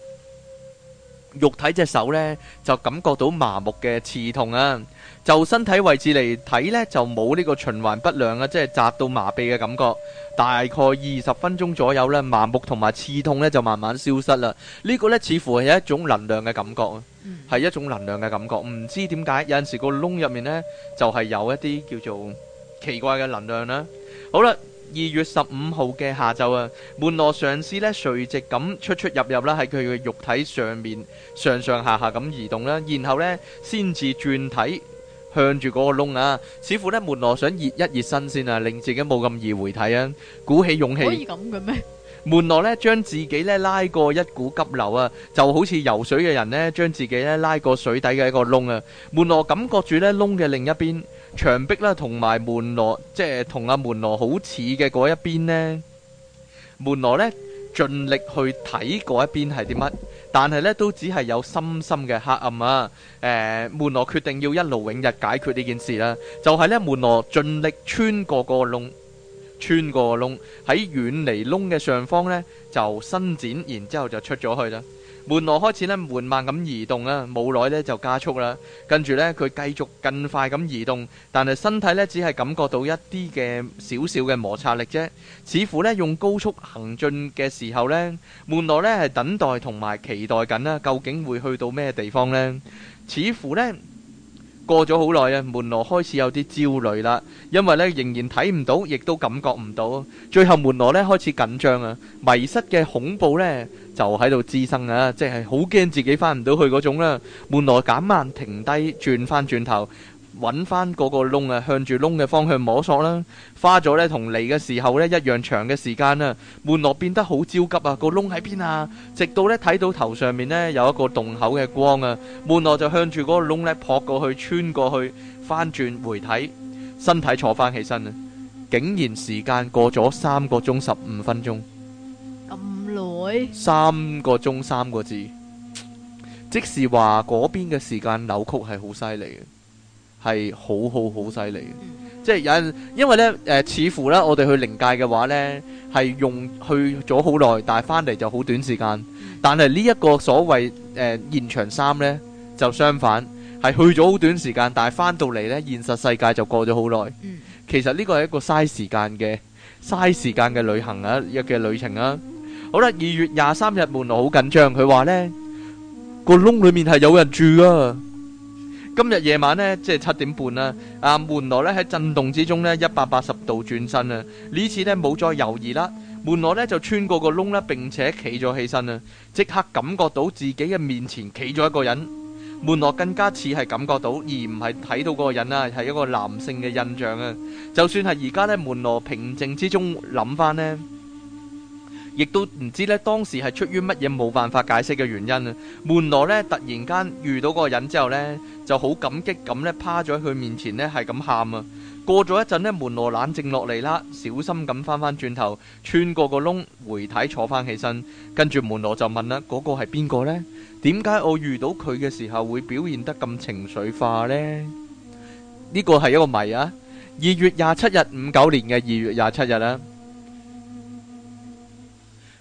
肉體隻手咧就感覺到麻木嘅刺痛啊！就身體位置嚟睇呢就冇呢個循環不良啊，即係紮到麻痹嘅感覺。大概二十分鐘左右呢麻木同埋刺痛呢就慢慢消失啦。呢、這個呢似乎係一種能量嘅感覺，係、嗯、一種能量嘅感覺。唔知點解有陣時個窿入面呢就係、是、有一啲叫做奇怪嘅能量啦、啊。好啦，二月十五號嘅下晝啊，門羅上司呢垂直咁出出入入啦，喺佢嘅肉體上面上上下下咁移動啦、啊，然後呢，先至轉體。向住嗰個窿啊，似乎咧門羅想熱一熱身先啊，令自己冇咁易回體啊，鼓起勇氣。可以咁嘅咩？門羅咧將自己呢拉過一股急流啊，就好似游水嘅人呢將自己呢拉過水底嘅一個窿啊。門羅感覺住呢窿嘅另一邊牆壁呢，同埋門羅即係同阿門羅好似嘅嗰一邊呢。門羅呢盡力去睇嗰一邊係啲乜。但係咧，都只係有深深嘅黑暗啊！誒、呃，門羅決定要一勞永逸解決呢件事啦。就係、是、咧，門羅盡力穿過個窿，穿過個窿喺遠離窿嘅上方咧，就伸展，然之後就出咗去啦。門羅開始咧緩慢咁移動啊，冇耐咧就加速啦，跟住咧佢繼續更快咁移動，但係身體咧只係感覺到一啲嘅少少嘅摩擦力啫，似乎咧用高速行進嘅時候咧，門羅咧係等待同埋期待緊啦，究竟會去到咩地方咧？似乎咧。過咗好耐啊，門羅開始有啲焦慮啦，因為咧仍然睇唔到，亦都感覺唔到。最後門羅咧開始緊張啊，迷失嘅恐怖咧就喺度滋生啊，即係好驚自己翻唔到去嗰種啦。門羅減慢停低，轉翻轉頭。揾返嗰個窿啊，向住窿嘅方向摸索啦。花咗咧同嚟嘅時候咧一樣長嘅時間啦，啊。門羅變得好焦急啊！個窿喺邊啊？直到咧睇到頭上面咧有一個洞口嘅光啊，門羅就向住嗰個窿咧撲過去，穿過去，翻轉回體身體，坐翻起身啊！竟然時間過咗三個鐘十五分鐘咁耐，三個鐘三個字，即是話嗰邊嘅時間扭曲係好犀利嘅。係好好好犀利即係有人。因為呢，誒、呃，似乎咧，我哋去靈界嘅話呢，係用去咗好耐，但係翻嚟就好短時間。但係呢一個所謂誒現場三呢，就相反係去咗好短時間，但係翻到嚟呢，現實世界就過咗好耐。其實呢個係一個嘥時間嘅嘥時間嘅旅行啊，嘅旅程啊。好啦，二月廿三日門羅好緊張，佢話呢，個窿裏面係有人住噶。今日夜晚呢，即係七點半啦。啊，門羅咧喺震動之中呢，一百八十度轉身啦、啊。呢次呢，冇再猶豫啦，門羅呢就穿過個窿啦、啊，並且企咗起身啦、啊。即刻感覺到自己嘅面前企咗一個人。門羅更加似係感覺到，而唔係睇到嗰個人啦、啊，係一個男性嘅印象啊。就算係而家呢，門羅平靜之中諗翻呢。亦都唔知呢，當時係出於乜嘢冇辦法解釋嘅原因啊！門羅呢突然間遇到嗰個人之後呢，就好感激咁呢趴咗喺佢面前呢，係咁喊啊！過咗一陣呢，門羅冷靜落嚟啦，小心咁翻翻轉頭穿過個窿回體坐翻起身，跟住門羅就問啦：嗰個係邊個呢？點解我遇到佢嘅時候會表現得咁情緒化呢？呢個係一個謎啊！二月廿七日五九年嘅二月廿七日啊！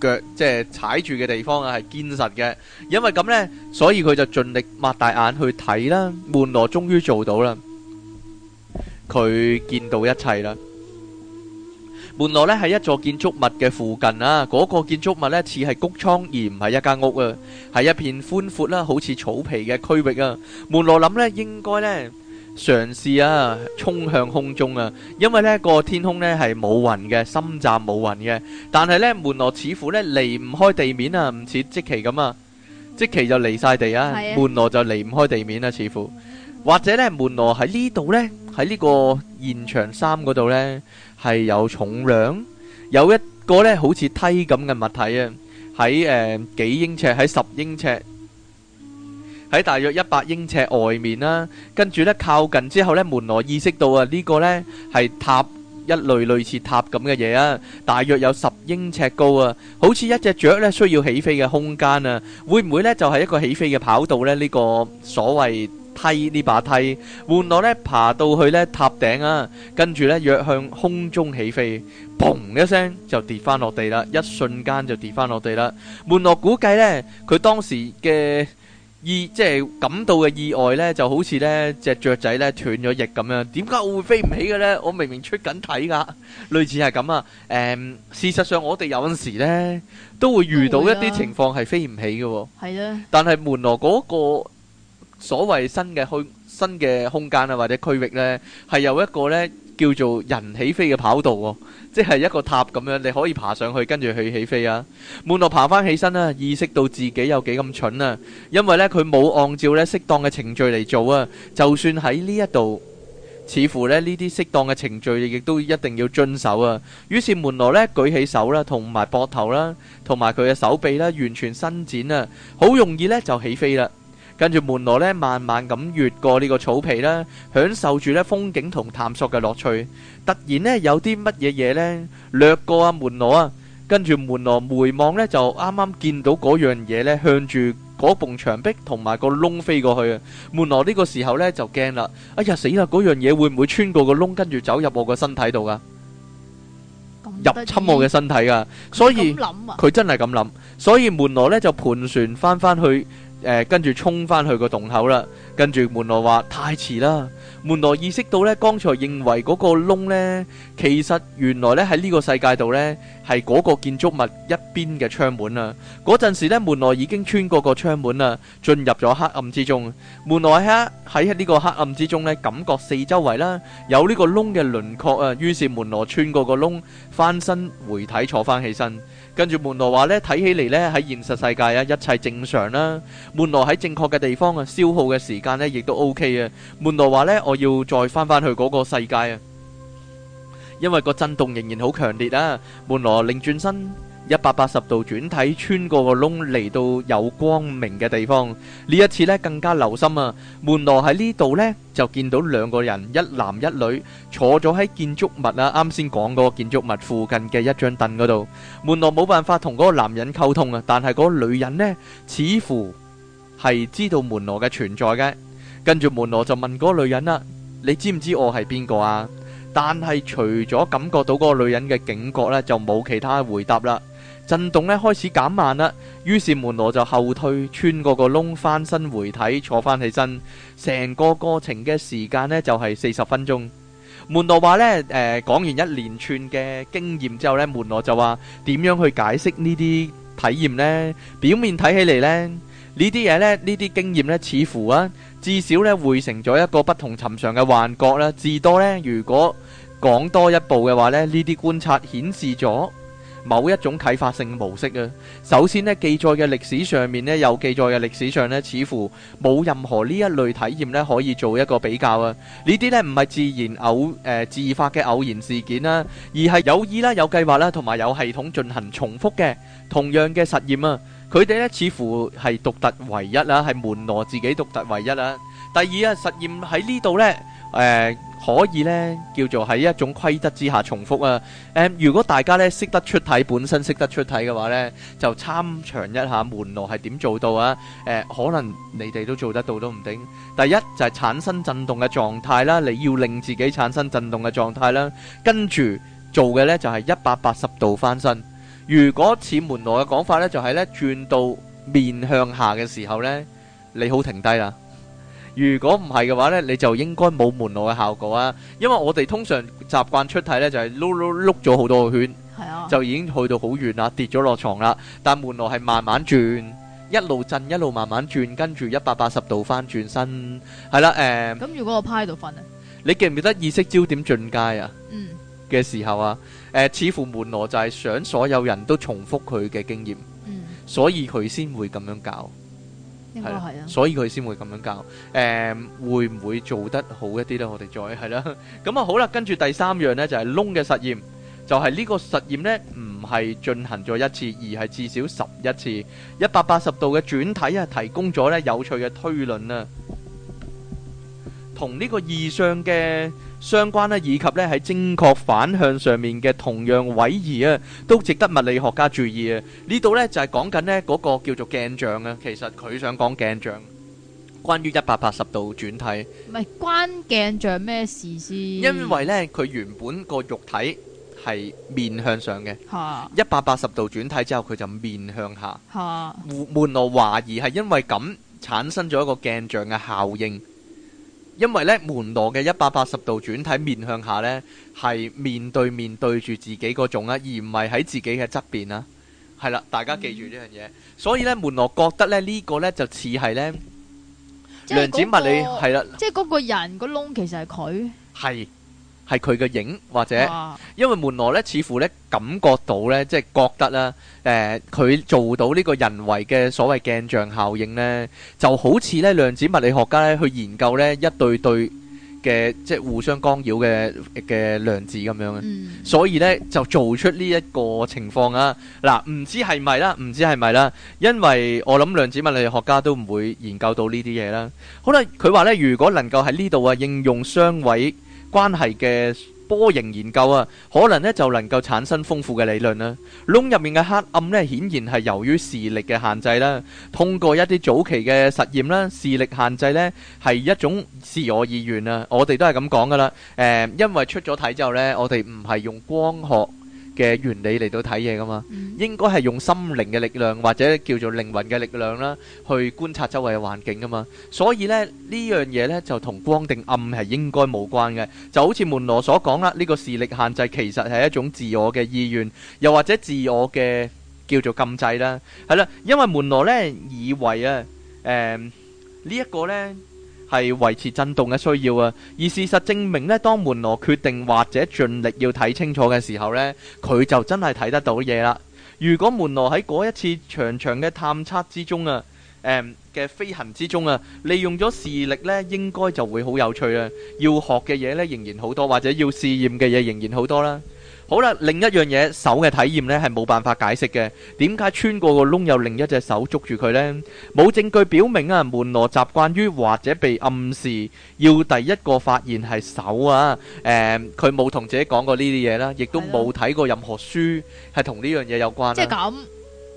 腳即係踩住嘅地方啊，係堅實嘅。因為咁呢，所以佢就盡力擘大眼去睇啦。門羅終於做到啦，佢見到一切啦。門羅呢喺一座建築物嘅附近啦，嗰個建築物呢似係穀倉而唔係一間屋啊，係一片寬闊啦，好似草皮嘅區域啊。門羅諗呢，應該呢。嘗試啊，衝向空中啊！因為呢、呢個天空呢係冇雲嘅，深湛冇雲嘅。但係呢，門羅似乎呢離唔開地面啊，唔似即期咁啊，即期就離晒地啊，的門羅就離唔開地面啊，似乎或者呢門羅喺呢度呢，喺呢個現場三嗰度呢，係有重量，有一個呢好似梯咁嘅物體啊，喺誒、呃、幾英尺，喺十英尺。喺大約一百英尺外面啦，跟住咧靠近之後咧，門羅意識到啊，呢個咧係塔一類，類似塔咁嘅嘢啊，大約有十英尺高啊，好似一隻雀咧需要起飛嘅空間啊，會唔會咧就係一個起飛嘅跑道咧？呢個所謂梯呢把梯，門羅咧爬到去咧塔頂啊，跟住咧躍向空中起飛，砰一聲就跌翻落地啦，一瞬間就跌翻落地啦。門羅估計咧佢當時嘅。意即係感到嘅意外呢，就好似呢隻雀仔呢斷咗翼咁樣。點解我會飛唔起嘅呢？我明明出緊體㗎，類似係咁啊。誒、嗯，事實上我哋有陣時呢都會遇到一啲情況係飛唔起嘅、哦。係咧、啊。但係門羅嗰個所謂新嘅開新嘅空間啊，或者區域呢，係有一個呢叫做人起飛嘅跑道喎、哦。即係一個塔咁樣，你可以爬上去，跟住去起飛啊！門羅爬返起身啦，意識到自己有幾咁蠢啊！因為呢，佢冇按照呢適當嘅程序嚟做啊！就算喺呢一度，似乎呢呢啲適當嘅程序亦都一定要遵守啊！於是門羅呢，舉起手啦，同埋膊頭啦，同埋佢嘅手臂啦，完全伸展啊，好容易呢就起飛啦！跟住門羅咧，慢慢咁越過呢個草皮啦，享受住咧風景同探索嘅樂趣。突然咧，有啲乜嘢嘢咧掠過阿門羅啊！跟住門羅回望咧，就啱啱見到嗰樣嘢咧，向住嗰埲牆壁同埋個窿飛過去啊！門羅呢個時候咧就驚啦！哎呀死啦！嗰樣嘢會唔會穿過個窿，跟住走入我個身體度噶？入侵我嘅身體啊！所以佢真係咁諗，所以門羅咧就盤旋翻翻去。誒，跟住衝翻去個洞口啦，跟住門羅話太遲啦。門羅意識到呢，剛才認為嗰個窿呢，其實原來呢喺呢個世界度呢，係嗰個建築物一邊嘅窗門啊。嗰陣時呢，門羅已經穿過個窗門啦，進入咗黑暗之中。門羅喺喺呢個黑暗之中呢，感覺四周圍啦有呢個窿嘅輪廓啊，於是門羅穿過個窿，翻身回體坐翻起身。跟住門羅話咧，睇起嚟咧喺現實世界啊，一切正常啦。門羅喺正確嘅地方啊，消耗嘅時間咧亦都 OK 啊。門羅話咧，我要再翻返去嗰個世界啊，因為個震動仍然好強烈啊。門羅擰轉身。一百八十度轉體，穿過個窿嚟到有光明嘅地方。呢一次呢，更加留心啊！門羅喺呢度呢，就見到兩個人，一男一女坐咗喺建築物啊，啱先講嗰個建築物附近嘅一張凳嗰度。門羅冇辦法同嗰個男人溝通啊，但係嗰女人呢，似乎係知道門羅嘅存在嘅。跟住門羅就問嗰女人啦：你知唔知我係邊個啊？但係除咗感覺到嗰個女人嘅警覺呢，就冇其他回答啦。震動咧開始減慢啦，於是門羅就後退，穿過個窿，翻身回體，坐翻起身。成個過程嘅時間呢，就係四十分鐘。門羅話呢，誒、呃、講完一連串嘅經驗之後呢，門羅就話點樣去解釋呢啲體驗呢？表面睇起嚟呢，呢啲嘢呢，呢啲經驗呢，似乎啊，至少呢，匯成咗一個不同尋常嘅幻覺啦。至多呢，如果講多一步嘅話呢，呢啲觀察顯示咗。某一種啟發性模式啊！首先呢，記載嘅歷史上面呢，有記載嘅歷史上呢，似乎冇任何呢一類體驗呢，可以做一個比較啊！呢啲呢，唔係自然偶誒、呃、自發嘅偶然事件啦，而係有意啦、有計劃啦，同埋有系統進行重複嘅同樣嘅實驗啊！佢哋呢，似乎係獨特唯一啦，係門羅自己獨特唯一啦。第二啊，實驗喺呢度呢。誒、呃、可以咧，叫做喺一種規則之下重複啊！誒、呃，如果大家咧識得出體，本身識得出體嘅話呢，就參詳一下門羅係點做到啊！誒、呃，可能你哋都做得到都唔定。第一就係、是、產生震動嘅狀態啦，你要令自己產生震動嘅狀態啦，跟住做嘅呢就係一百八十度翻身。如果似門羅嘅講法呢，就係咧轉到面向下嘅時候呢，你好停低啦。如果唔係嘅話呢，你就應該冇門羅嘅效果啊！因為我哋通常習慣出體呢，就係碌碌碌咗好多個圈，啊、就已經去到好遠啦，跌咗落床啦。但門羅係慢慢轉，一路震一路慢慢轉，跟住一百八十度翻轉身，係啦、啊，誒、呃。咁如果我趴喺度瞓啊？你記唔記得意識焦點進階啊？嗯。嘅時候啊，呃、似乎門羅就係想所有人都重複佢嘅經驗，嗯、所以佢先會咁樣搞。係啦，所以佢先會咁樣教，誒，會唔會做得好一啲咧？我哋再係啦，咁啊好啦，跟住第三樣咧就係門羅嘅實驗，就係呢個實驗咧唔係進行咗一次，而係至少十一次一百八十度嘅轉體啊，提供咗咧有趣嘅推論啊，同呢個以上嘅，相關咧，以及咧喺正確反向上面嘅同樣位移啊，都值得物理學家注意啊！呢度咧就係講緊咧嗰個叫做鏡像啊。其實佢想講鏡像，關於一百八十度轉體，唔係關鏡像咩事先？因為咧，佢原本個肉體係面向上嘅，一百八十度轉體之後，佢就面向下。門羅懷疑係因為咁產生咗一個鏡像嘅效應。因為咧門羅嘅一百八十度轉體面向下咧，係面對面對住自己嗰種啊，而唔係喺自己嘅側邊啊。係啦，大家記住呢樣嘢。嗯、所以咧，門羅覺得咧呢、呢個咧就似係咧量子物理係啦。那個、的即係嗰個人個窿其實係佢係。係佢嘅影，或者因為門羅咧，似乎咧感覺到咧，即係覺得啦，誒，佢做到呢個人為嘅所謂鏡像效應咧，就好似咧量子物理學家咧去研究咧一對對嘅即係互相干擾嘅嘅量子咁樣嘅，所以咧就做出呢一個情況啊。嗱，唔知係咪啦，唔知係咪啦，因為我諗量子物理學家都唔會研究到呢啲嘢啦。好啦，佢話咧，如果能夠喺呢度啊，應用雙位關係嘅波形研究啊，可能咧就能夠產生豐富嘅理論啦。窿入面嘅黑暗咧，顯然係由於視力嘅限制啦。通過一啲早期嘅實驗啦，視力限制咧係一種自我意願啊。我哋都係咁講噶啦。誒，因為出咗體之後咧，我哋唔係用光學嘅原理嚟到睇嘢㗎嘛，應該係用心靈嘅力量或者叫做靈魂嘅力量啦，去觀察周圍嘅環境㗎嘛。所以呢呢樣嘢呢就同光定暗係應該冇關嘅，就好似門羅所講啦。呢個視力限制其實係一種自我嘅意願，又或者自我嘅叫做禁制啦。係啦，因為門羅呢以為啊，誒呢一個呢。係維持震動嘅需要啊！而事實證明呢，當門羅決定或者盡力要睇清楚嘅時候呢，佢就真係睇得到嘢啦。如果門羅喺嗰一次長長嘅探測之中啊，誒、嗯、嘅飛行之中啊，利用咗視力呢，應該就會好有趣啊！要學嘅嘢呢，仍然好多，或者要試驗嘅嘢仍然好多啦。好啦，另一樣嘢，手嘅體驗呢係冇辦法解釋嘅。點解穿過個窿有另一隻手捉住佢呢？冇證據表明啊，門羅習慣於或者被暗示要第一個發現係手啊。誒、嗯，佢冇同自己講過呢啲嘢啦，亦都冇睇過任何書係同呢樣嘢有關。即係咁，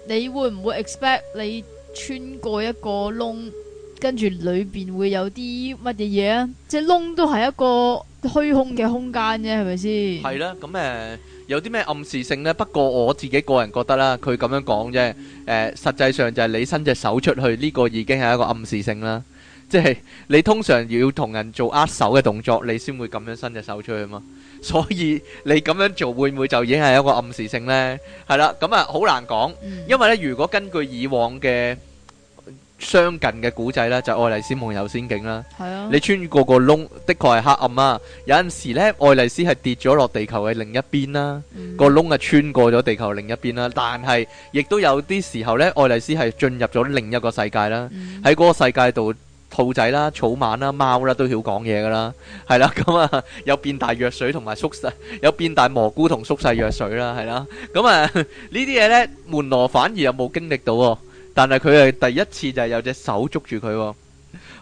你會唔會 expect 你穿過一個窿？跟住裏邊會有啲乜嘢嘢啊？即係窿都係一個虛空嘅空間啫，係咪先？係啦，咁誒有啲咩暗示性呢？不過我自己個人覺得啦，佢咁樣講啫。誒，實際上就係你伸隻手出去，呢個已經係一個暗示性啦。即係你通常要同人做握手嘅動作，你先會咁樣伸隻手出去嘛。所以你咁樣做會唔會就已經係一個暗示性呢？係啦，咁啊，好難講，因為呢如果根據以往嘅。相近嘅古仔啦，就愛麗絲夢遊仙境啦。係啊，你穿過個窿，的確係黑暗啊。有陣時咧，愛麗絲係跌咗落地球嘅另一邊啦。個窿啊，穿過咗地球另一邊啦。但係亦都有啲時候咧，愛麗絲係進入咗另一個世界啦。喺嗰個世界度，兔仔啦、草蜢啦、貓啦，都曉講嘢噶啦。係啦，咁啊，有變大藥水同埋縮細，有變大蘑菇同縮細藥水啦。係啦，咁啊，呢啲嘢咧，門羅反而又冇經歷到。但係佢係第一次就係有隻手捉住佢，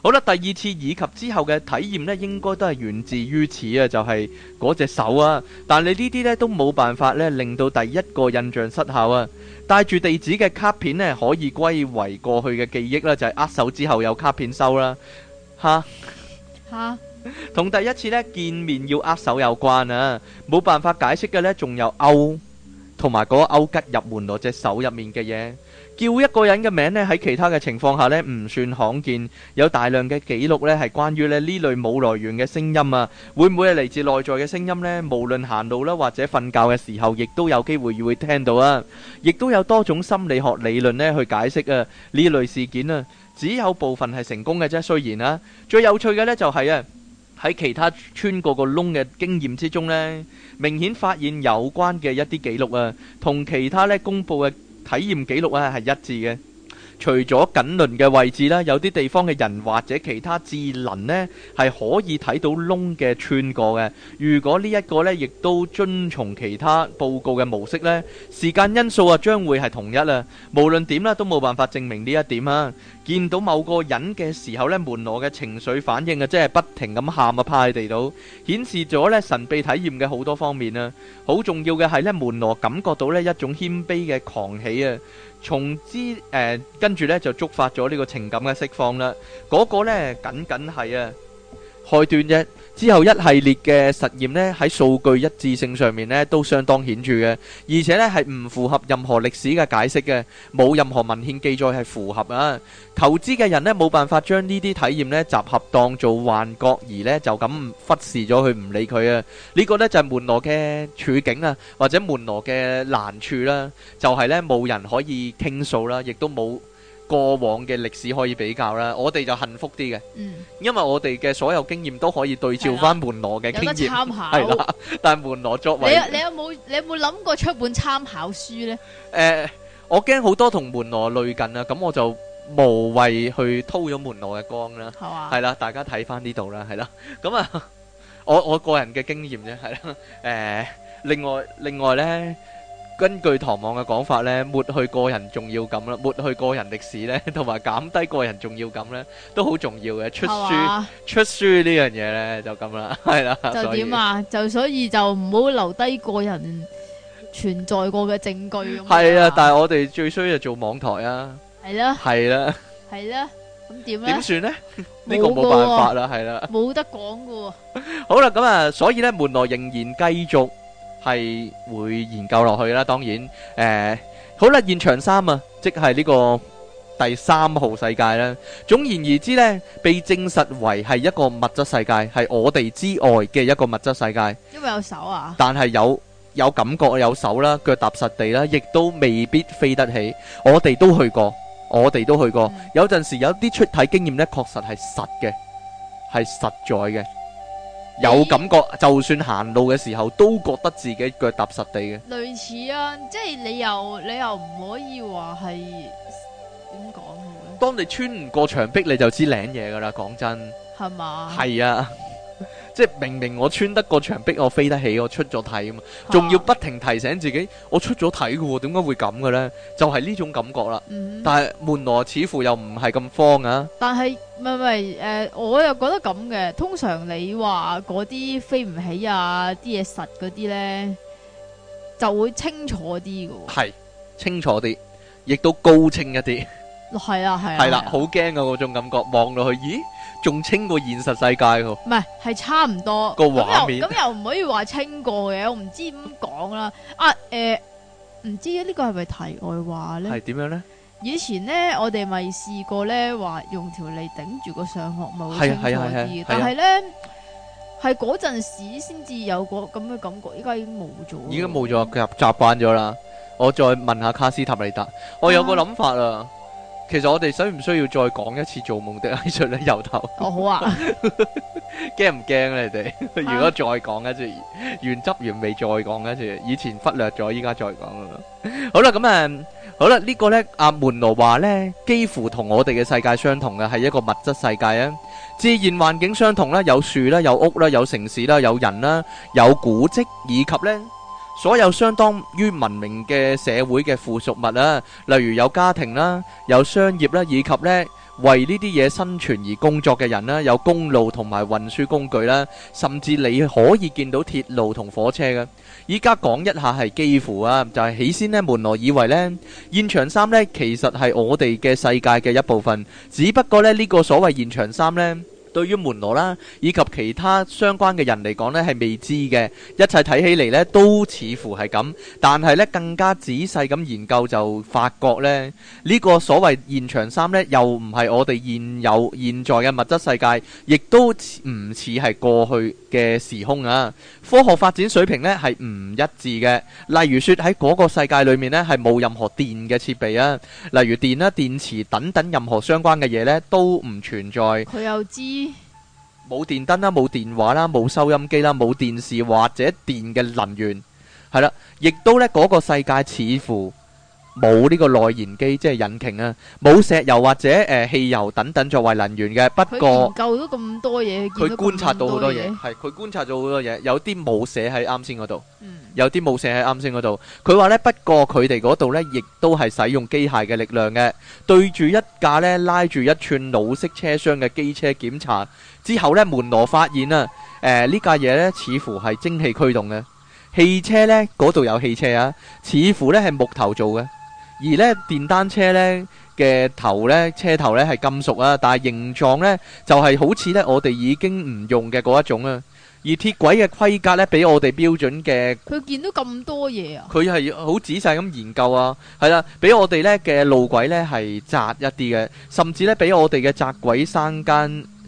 好啦，第二次以及之後嘅體驗咧，應該都係源自於此啊，就係嗰隻手啊。但你呢啲咧都冇辦法咧令到第一個印象失效啊。帶住地址嘅卡片咧可以歸為過去嘅記憶啦，就係握手之後有卡片收啦，吓吓，同第一次咧見面要握手有關啊，冇辦法解釋嘅咧，仲有勾同埋嗰個勾吉入門攞隻手入面嘅嘢。叫一個人嘅名呢，喺其他嘅情況下呢，唔算罕見。有大量嘅記錄呢，係關於呢呢類冇來源嘅聲音啊。會唔會係嚟自內在嘅聲音呢？無論行路啦，或者瞓覺嘅時候，亦都有機會會聽到啊。亦都有多種心理學理論呢去解釋啊呢類事件啊。只有部分係成功嘅啫，雖然啊。最有趣嘅呢就係啊，喺其他穿過個窿嘅經驗之中呢，明顯發現有關嘅一啲記錄啊，同其他呢公佈嘅。體驗記錄咧係一致嘅，除咗緊鄰嘅位置啦，有啲地方嘅人或者其他智能咧係可以睇到窿嘅穿過嘅。如果呢一個咧亦都遵從其他報告嘅模式咧，時間因素啊將會係同一啦。無論點啦，都冇辦法證明呢一點啊。見到某個人嘅時候咧，門羅嘅情緒反應啊，即係不停咁喊啊，趴喺地度，顯示咗咧神秘體驗嘅好多方面啦。好重要嘅係咧，門羅感覺到咧一種謙卑嘅狂喜啊，從之誒跟住咧就觸發咗呢個情感嘅釋放啦。嗰個咧，僅僅係啊，開端啫。之後一系列嘅實驗呢，喺數據一致性上面呢，都相當顯著嘅，而且呢，係唔符合任何歷史嘅解釋嘅，冇任何文獻記載係符合啊。求知嘅人呢，冇辦法將呢啲體驗呢，集合當做幻覺而呢，就咁忽視咗佢唔理佢啊。呢、這個呢，就係、是、門羅嘅處境啊，或者門羅嘅難處啦、啊，就係、是、呢，冇人可以傾訴啦，亦都冇。過往嘅歷史可以比較啦，我哋就幸福啲嘅，嗯，因為我哋嘅所有經驗都可以對照翻門羅嘅經驗，有得參考係啦。但係門羅作為你你有冇你有冇諗過出本參考書咧？誒，我驚好多同門羅類近啊，咁我就無謂去掏咗門羅嘅光啦。係嘛，係啦，大家睇翻呢度啦，係啦，咁啊，我我個人嘅經驗啫，係啦，誒，另外另外咧。根據唐望嘅講法咧，抹去個人重要感啦，抹去個人歷史咧，同埋減低個人重要感咧，都好重要嘅。出書出書呢樣嘢咧就咁啦，係啦。就點啊？就所以就唔好留低個人存在過嘅證據。係啊，但係我哋最衰就做網台啊。係啦，係啦，係啦。咁點咧？點算咧？呢個冇辦法啦，係啦，冇得講噶。好啦，咁啊，所以咧，門羅仍然繼續。係會研究落去啦，當然，誒、呃，好啦，現場三啊，即係呢個第三號世界啦。總而言之呢，被證實為係一個物質世界，係我哋之外嘅一個物質世界。因為有手啊？但係有有感覺，有手啦，腳踏實地啦，亦都未必飛得起。我哋都去過，我哋都去過。嗯、有陣時有啲出體經驗呢，確實係實嘅，係實在嘅。 有感覺，就算行路嘅時候都覺得自己腳踏實地嘅。類似啊，即係你又你又唔可以話係點講嘅呢。呢當你穿唔過牆壁，你就知領嘢㗎喇。講真，係嘛吧？係是啊。 即係明明我穿得過牆壁，我飛得起，我出咗體啊嘛，仲要不停提醒自己我出咗體噶喎，點解會咁嘅咧？就係呢種感覺啦。但係門羅似乎又唔係咁慌啊。但係唔係唔係誒，我又覺得咁嘅。通常你話嗰啲飛唔起啊，啲嘢實嗰啲咧，就會清楚啲噶。係清楚啲，亦都高清一啲。係啦，係啦，係啦，好驚啊！嗰種感覺望落去，咦，仲清過現實世界喎？唔係，係差唔多個畫面咁，又咁又唔可以話清過嘅。我唔知點講啦啊，誒，唔知呢個係咪題外話咧？係點樣咧？以前咧，我哋咪試過咧，話用條脷頂住個上顎咪好清過啲，但係咧，係嗰陣時先至有嗰咁嘅感覺，依家已經冇咗，已經冇咗，習習慣咗啦。我再問下卡斯塔尼達，我有個諗法啊。其實我哋需唔需要再講一次做夢的藝術咧？由頭我好啊，驚唔驚咧？你哋如果再講一次，原汁原味再講一次，以前忽略咗，依家再講啦。好啦，咁誒，好啦，呢個咧，阿門羅話咧，幾乎同我哋嘅世界相同嘅，係一個物質世界啊。自然環境相同啦，有樹啦，有屋啦，有城市啦，有人啦，有古蹟以及咧。所有相當於文明嘅社會嘅附屬物啦，例如有家庭啦，有商業啦，以及咧為呢啲嘢生存而工作嘅人啦，有公路同埋運輸工具啦，甚至你可以見到鐵路同火車嘅。依家講一下係幾乎啊，就係起先咧，門羅以為咧現場三咧其實係我哋嘅世界嘅一部分，只不過咧呢個所謂現場三咧。對於門羅啦，以及其他相關嘅人嚟講呢，係未知嘅，一切睇起嚟呢，都似乎係咁。但係呢，更加仔細咁研究就發覺呢，呢個所謂現場三呢，又唔係我哋現有現在嘅物質世界，亦都唔似係過去嘅時空啊。科學發展水平呢，係唔一致嘅。例如說喺嗰個世界裏面呢，係冇任何電嘅設備啊，例如電啦、電池等等任何相關嘅嘢呢，都唔存在。佢又知。冇電燈啦、啊，冇電話啦、啊，冇收音機啦、啊，冇電視或者電嘅能源係啦，亦都呢嗰、那個世界似乎冇呢個內燃機，即係引擎啊，冇石油或者誒、呃、汽油等等作為能源嘅。不過研究咗咁多嘢，佢觀察到好多嘢，係佢 觀察咗好多嘢。有啲冇寫喺啱先嗰度，嗯、有啲冇寫喺啱先嗰度。佢話呢，不過佢哋嗰度呢，亦都係使用機械嘅力量嘅，對住一架呢，拉住一串老式車廂嘅機車檢查。之後咧，門羅發現啊，誒、呃、呢架嘢咧，似乎係蒸汽驅動嘅汽車咧，嗰度有汽車啊，似乎咧係木頭做嘅，而咧電單車咧嘅頭咧車頭咧係金屬啊，但係形狀咧就係、是、好似咧我哋已經唔用嘅嗰一種啊，而鐵軌嘅規格咧比我哋標準嘅，佢見到咁多嘢啊，佢係好仔細咁研究啊，係啦，比我哋咧嘅路軌咧係窄一啲嘅，甚至咧比我哋嘅窄軌生根。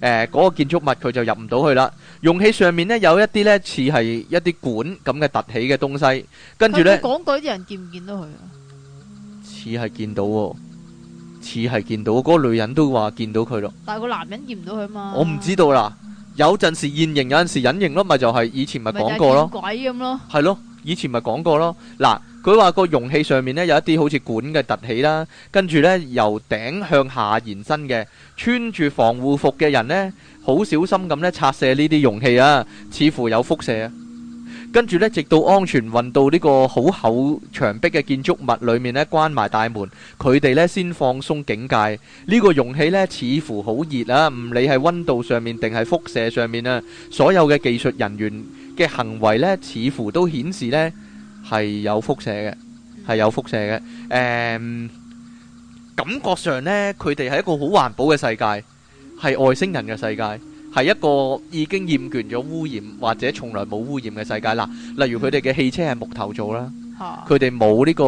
誒，嗰個建築物佢就入唔到去啦。容器上面咧有一啲咧似係一啲管咁嘅凸起嘅東西，跟住咧。但係講鬼啲人見唔見到佢啊？似係見到，似係見到。嗰個女人都話見到佢咯。但係個男人見唔到佢啊嘛。我唔知道啦，有陣時現形，有陣時隱形咯，咪就係以前咪講過咯。鬼咁咯。係咯。以前咪講過咯，嗱，佢話個容器上面呢，有一啲好似管嘅凸起啦，跟住呢，由頂向下延伸嘅，穿住防護服嘅人呢，好小心咁呢拆卸呢啲容器啊，似乎有輻射啊，跟住呢，直到安全運到呢個好厚牆壁嘅建築物裏面呢，關埋大門，佢哋呢，先放鬆警戒。呢個容器呢，似乎好熱啊，唔理係温度上面定係輻射上面啊，所有嘅技術人員。嘅行為呢，似乎都顯示呢係有輻射嘅，係有輻射嘅、嗯。感覺上呢，佢哋係一個好環保嘅世界，係外星人嘅世界，係一個已經厭倦咗污染或者從來冇污染嘅世界。嗱、啊，例如佢哋嘅汽車係木頭做啦，佢哋冇呢個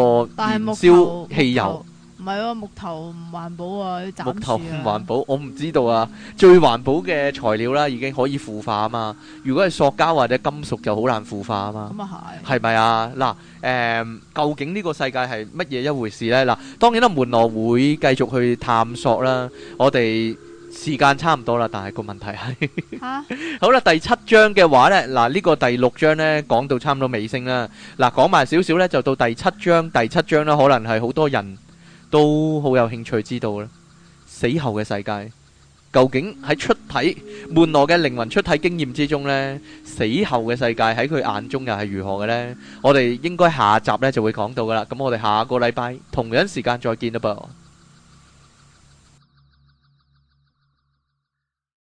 燒汽油。唔係咯，木頭唔環保啊！啲木頭唔環保，我唔知道啊。最環保嘅材料啦，已經可以腐化啊嘛。如果係塑膠或者金屬，就好難腐化啊嘛。咁啊係係咪啊？嗱，誒，究竟呢個世界係乜嘢一回事咧？嗱，當然啦，門羅會繼續去探索啦。我哋時間差唔多啦，但係個問題係吓好啦。第七章嘅話咧，嗱呢個第六章咧講到差唔多尾聲啦。嗱，講埋少少咧，就到第七章。第七章咧，可能係好多人。都好有興趣知道啦。死後嘅世界究竟喺出體門羅嘅靈魂出體經驗之中呢，死後嘅世界喺佢眼中又係如何嘅呢？我哋應該下集呢就會講到噶啦。咁我哋下個禮拜同樣時間再見啦噃。